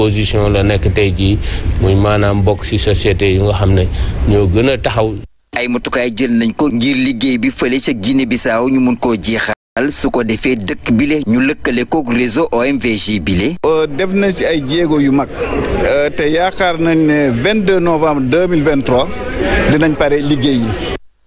position la nekk tey jii muy maanaam mbokk ci société yu nga xam ne ñoo gën a taxaw. ay matukaay jël nañ ko ngir liggéey bi fële ca Guinée Bissau ñu mun koo jeexal. su ko defee dëkk bile ñu lëkkale kook réseau OMVG bile. Euh, def nañ ci ay jéego yu mag euh, te yaakaar nañ ne 22 novembre 2023 dinañ pare liggéey yi.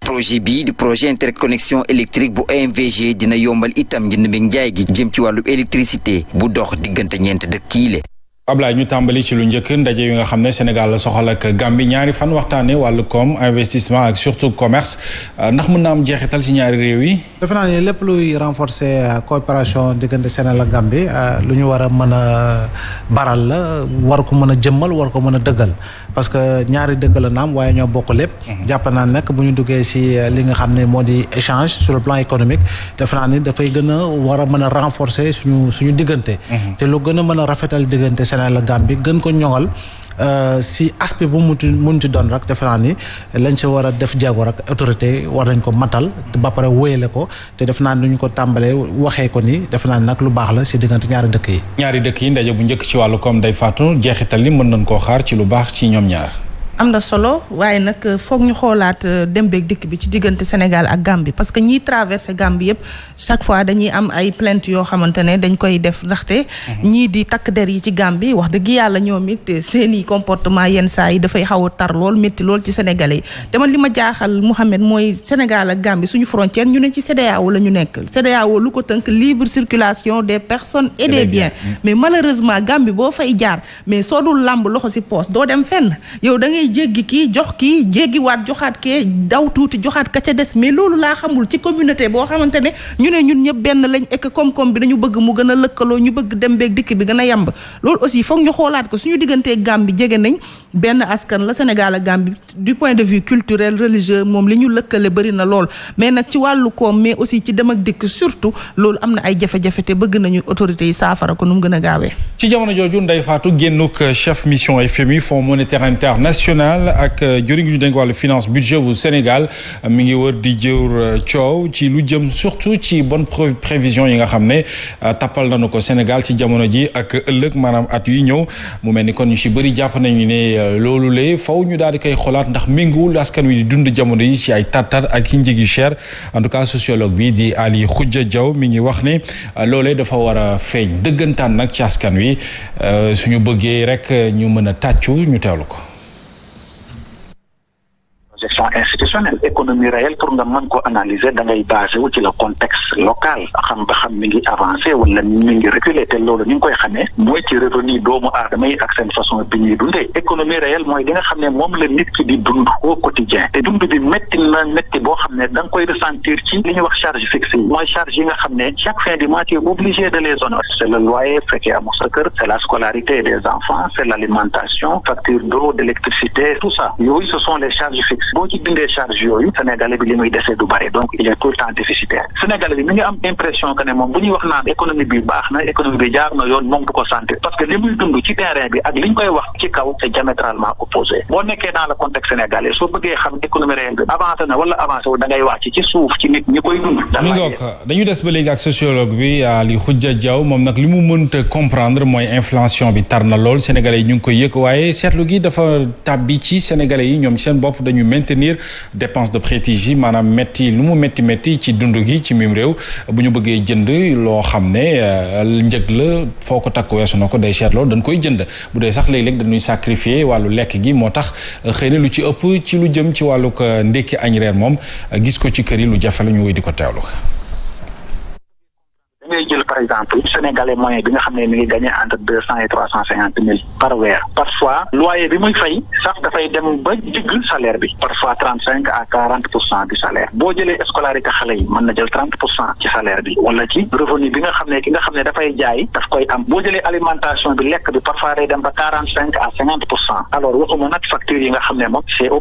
projet bii di projet interconnexion électrique bu OMVG dina yombal itam njënd mi njaay gi jëm ci wàllu électricité bu dox diggante ñeent dëkk yi le Ablaye ñu tàmbali ci lu njëkk ndaje yi nga xam ne Sénégal la soxal ak Gambie ñaari fan waxtaanee wàllu koom investissement ak surtout commerce euh, ndax mun na am tal ci ñaari réew yi. defe naa ne lépp luy renforcer coopération diggante Sénégal ak Gambie euh, lu ñu war a mën a baral la war ko mën a jëmmal war ko mën a dëggal parce que ñaari dëgg la naam waaye ñoo bokk lépp. Mhm. jàpp naa nag bu ñu duggee ci euh, li nga xam ne moo di échange sur le plan économique defe naa ni dafay gën a war a mën a renforcer suñu suñu diggante. Mhm. te lu gën a mën diggante Sénégal ak Gambie gën ko ñoŋal euh, si aspect bu mu munti doon rek defe naa ni lañ si war a def jaago rek autorité war nañ ko matal te ba pare wéyale ko te def naa ni ñu ko tàmbalee waxee ko ni defe naa ni nag lu baax la si diggante ñaari dëkk yi. ñaari dëkk yi ndaje bu njëkk ci wàllu koom day faatu jeexital li mën nañ koo xaar ci lu baax ci ñoom ñaar. am na solo waaye nag euh, foog ñu xoolaat euh, dem beeg dikk bi ci diggante Sénégal ak Gambie parce que ñiy traversé Gambie yëpp chaque fois dañuy am ay plainte yoo xamante ne dañ koy def ndaxte. Mhm. ñi di takk der yi ci Gambie wax dëgg yàlla ñoom it euh, seen i comportement yenn saa yi dafay xaw a tar lool ci sénégalais yi. li ma jaaxal Mouhamed mooy Sénégal ak Gambie suñu frontière ñu ne ci CEDEAO la ñu nekk CEDEAO lu ko tënk libre circulation des personne et des biens. Eh mais malheureusement Gambie boo fay jaar mais soo dul làmb loxo si poos doo dem fenn yow da ngay jéggi kii jox kii jéggiwaat joxaat kee daw tuuti joxaat ka ca des mais loolu laa xamul ci communauté boo xamante ne ñu ne ñun ñëpp benn lañ ek koom-koom bi dañu bëgg mu gën a lëkkaloo ñu bëgg dem beeg dikk bi gën a yemb loolu aussi foog ñu xoolaat ko suñu diggantee Gambie jege nañ benn askan la Sénégal ak Gambie du point de vue culturel religieux moom li ñu lëkkale bëri na lool mais nag ci wàllu koom mais aussi ci dem ak dikk surtout loolu am n ay jafe-jafe te bëgg nañu autorités yi saafara ko nu mu gën a gaawee ci jamono nationale ak euh, jëriñ ñu dénk wàllu finance budget bu Sénégal euh, mi ngi wër di jëwr euh, coow ci lu jëm surtout ci bonne prévision yi nga xam ne tappal nañu ko Sénégal ci jamono ji ak ëllëg maanaam at yu ñëw mu mel ni kon ñu si bëri jàpp nañu ne loolu lee fow ñu daal di koy xolaat ndax ménguwul askan wi di dund jamono yi ci ay tartar ak yi njëg yu cher en tout cas sociologue bi di Ali Khoudia Diaw mi ngi wax ni loolee dafa war a feeñ dëggantaan nag ci askan wi suñu bëggee rek ñu mën a tàccu ñu teewlu ko gestion institutionnelle économie réelle pour nga mën ko analyser da ngay ci le contexte local xam ba xam mi ngi avancé wala mi ngi reculé te loolu ni nga koy xamee mooy ci revenu doomu aadama yi ak seen façon bi ñuy dundee économie réelle mooy li nga xam ne moom la nit ki di dund au quotidien te dund bi métti na métti boo xam ne da nga koy ressentir ci li ñuy wax charge fixe yi mooy charge yi nga xam ne chaque fin du mois tu es obligé de les honorer c'est le loyer fekkee amoo sa kër la scolarité des enfants c'est boo ci dindee charge yooyu sénégalais bi li muy desee du bare donc il est tout temps déficitaire sénégalais bi mi ngi am impression que ne moom bu ñuy wax naan économie bi baax na économie bi jaar na yoon moom du ko santé parce que li muy dund ci terrain bi ak li ñu koy wax ci kaw c'est diamétralement opposé boo nekkee dans le contexte sénégalais soo bëggee xam économie réelle bi avancé na wala avancé wu da ngay ci suuf ci nit ñi koy dund mi des ba léegi maintenir dépense de prestige yi maanaam métti lu mu métti métti ci dund gi ci miim réew bu ñu bëggee jënd loo xam ne euh, njëg la foo ko takk weesu na ko day cher lool koy jënd bu dee sax léegi léeg dañuy sacrifier wàllu lekk gi moo tax euh, xëy na lu ci ëpp ci lu jëm ci wàllu euh, ndékki añ reer moom gis ko ci kër yi lu jafe la ñu wéy di ko teewlu par exemple sénégalais moyen bi nga xam ne mi ngi gagné entre deux cent et trois cent cinquante mille par weer parfois loyer bi muy fay sax dafay dem ba digg salaire bi parfois trente cinq à quarante pour cent du salaire boo jëlee scolarité xale yi mën na jël trente pour cent ci salaire bi wala ci revenu bi nga xam ne ki nga xam ne dafay jaay daf koy am boo jëlee alimentation bi lekk bi parfois day dem ba quarante cinq à cinquante pour cent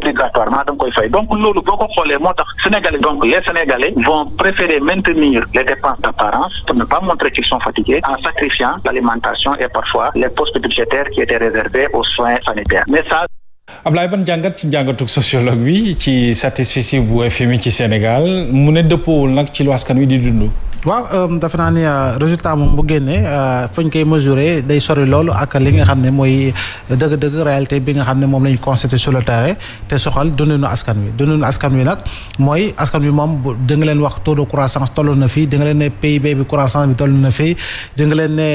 da nga koy fay donc loolu boo ko xoolee moo tax sénégalais donc les sénégalais montré qu'ils sont fatigués en sacrifiant l'alimentation et parfois les postes budgétaires qui étaient réservés aux soins sanitaires. Ablaye ban jàngat ci jàngatug sociologue bi ci satisfici bu mi ci Sénégal mu ne dëppoowul nag ci lu askan wi di dund. waaw euh, dafa naa ni euh, résultat moom bu génnee euh, fañ koy mesurer day sori loolu ak li nga xam ne mooy dëgg-dëgg réalité bi nga xam ne moom la ñu constaté sur le terrain te soxal dundinu askan wi dundinu askan wi nag mooy askan wi moom di nga leen wax taux de croissance toll na fii di nga leen ne bay bi croissance bi toll na fii di leen ne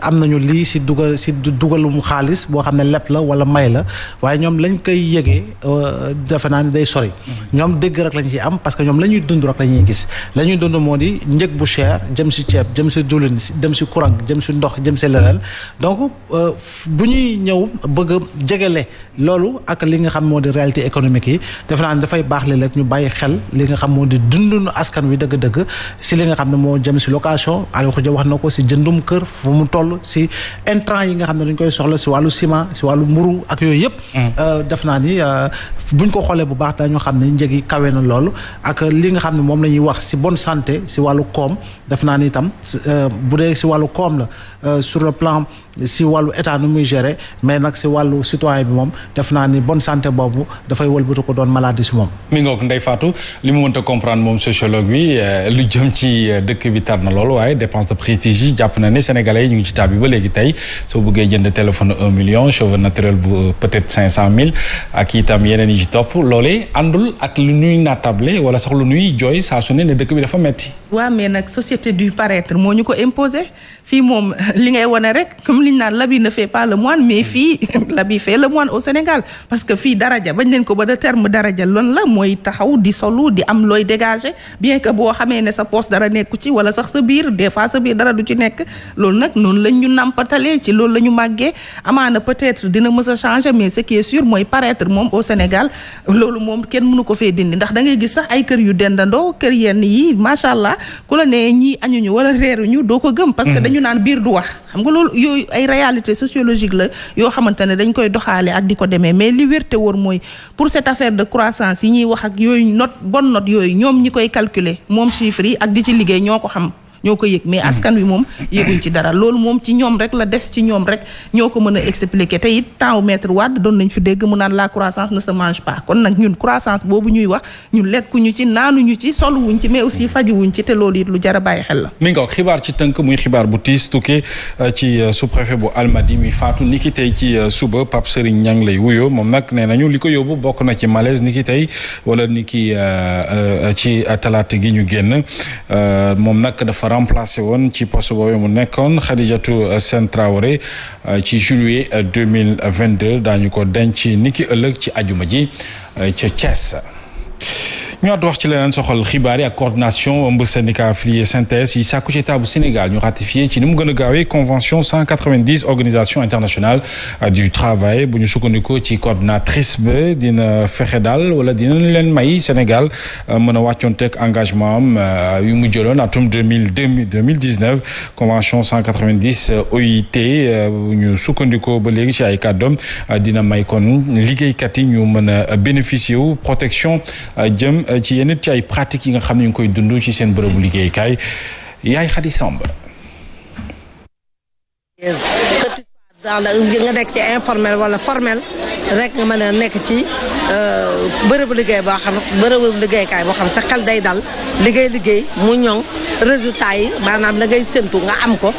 am nañu lii si dugal si dugalum xaalis boo xam ne lepp la wala may la ñoom lañ koy yëgee euh, defe naa ni day sori ñoom dégg rek lañ ci am parce que ñoom la ñuy dund rek ñuy gis la ñuy dund moo di njëg bu cher jëm si ceeb jëm si diwlin jëm si courant jëm si ndox jëm si leneen donc euh, bu ñuy ñëw bëgg a jegele loolu ak li nga xam moo di réalité économique yi defe naa ni dafay baax léeg-léeg ñu bàyyi xel li nga xam moo di dund dundunu askan wi dëgg-dëgg si li nga xam ne moo jëm si location Aliou Khoudia wax na ko si jëndum kër fu mu toll si intrant yi nga xam ne dañ koy soxla si wàllu ciment si wàllu mburu ak yooyu yëpp mm. Euh, def naa ni euh, buñ ko xoolee bu baax dañu xam ne njëg yi kawe na loolu ak li nga xam ne moom la ñuy wax si bonne santé si wàllu koom def naa ni itam euh, bu dee si wàllu koom la sur le plan si wàllu état nu muy gérer mais nag si wàllu citoyen bi moom def naa ni bon santé boobu dafay wëlbatu ko doon maladie si moom. mi ngoog Ndeye Fatou li mu mënta comprendre moom sociologue bi lu jëm ci dëkk bi tar na lool waaye dépense de prestige jàpp na ne sénégalais yi ci taab bi ba léegi tey soo bëggee jënd téléphone un million cheveux naturel bu peut cent mille ak itam yeneen yi ci topp loolee àndul ak lu ñuy nattable wala sax lu ñuy jooy saa su ne ne dëkk bi dafa metti waaw mais nag société du paraître moo ñu ko imposé fii moom li ngay wane rek comme liñ naan l'habit ne fait pas le moine mais fii l'habit fait le moine au Sénégal parce que fii daraja bañ leen ko ba de terme daraja loon la mooy taxaw di solu di am looy dégager bien boo xamee ne sa poche dara nekku ci wala sax sa biir des fois sa biir dara du ci nekk loolu nag noonu lañ ñu nàmpatalee ci loolu la ñu màggee amaana peut-être dina mës a changer mais ce qui mooy paraître moom au Sénégal loolu moom kenn mënu ko fee dindi ndax da ngay gis sax ay kër yu dendandoo kër yenn yi macha allah ku la ne ñii añuñu wala reeruñu doo ko gëm parce que mhm. ñu naan biir du wax xam nga loolu yooyu ay réalité sociologique la yoo xamante ne dañ koy doxaale ak di ko demee mais li wér te mooy pour cette affaire de croissance yi ñuy wax ak yooyu note bonne note yooyu ñoom ñi koy calculer moom chiffre yi ak di ci liggéey ñoo ko xam ñoo ko yëg mais hmm. askan wi moom yëguñ ci dara loolu moom ci ñoom rek la des ci ñoom rek ñoo ko mën a expliquer te it temps maître Wade doon nañ fi dégg mu naan la croissance ne se mange pas kon nag ñun croissance boobu ñuy wax ñun lekkuñu ci naanuñu ci soluwuñ ci mais aussi fajuwuñ ci te loolu it lu jar bàyyi xel la mi nga wax xibaar ci tënk muy xibaar bu tiis tukkee euh, ci euh, sous bu Almadi mi faatu niki tey ci euh, suba Pape Serigne Niang lay wuyoo moom nag nee nañu li ko yóbbu bokk na ci malaise niki tey wala niki ci talaata gi ñu génn moom nag dafa remplacé woon ci poste boobu mu nekkoon Khadijatou Sène Traoré euh, ci juillet euh, deux mille vingt deux daañu ko denc niki ëllëg ci ajuma ji euh, ca Thiès. ñoo wax ci leneen soxal xibaar yi ak coordination ëmb syndicat affilié synthèse yi sàkku ci état bu Sénégal ñu ratifié ci ni mu gën a gaawee convention 190 organisation internationale euh, du travail bu ñu sukkandikoo ci coordinatrice ba dina fexe daal wala dina leen may Sénégal euh, mën a wàccoonteeg engagement am euh, yu mu jëloon atum 2000 2019 convention 190 OIT bu ñu sukkandikoo ba léegi ci ay kàddoom dina may kon liggéeykat yi ñu mën a bénéficier wu protection jëm Euh, ci yenn ci ay pratiques yi nga xam ne ñu ngi koy dund ci seen bërëbu liggéeykaay yaay Khady Samb. nga nekk ci informel wala formel rek nga mën a nekk ci euh, bërëbu liggéey boo xam bërëbu liggéeykaay boo xam sa xel day daal liggéey liggéey mu ñoŋ résultat yi maanaam la ngay séntu nga am ko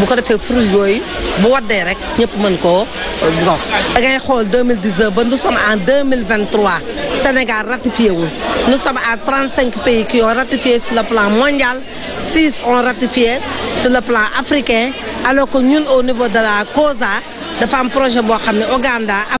bu ko defee fruit yooyu bu waddee rek ñëpp mën ko bon da ngay xool 2019 ba nous sommes en 2023 Sénégal ratifié wul nous sommes à 35 pays qui ont ratifié sur le plan mondial 6 on ratifié sur le plan africain alors que ñun au niveau de la COSA dafa projet boo xam ne Ouganda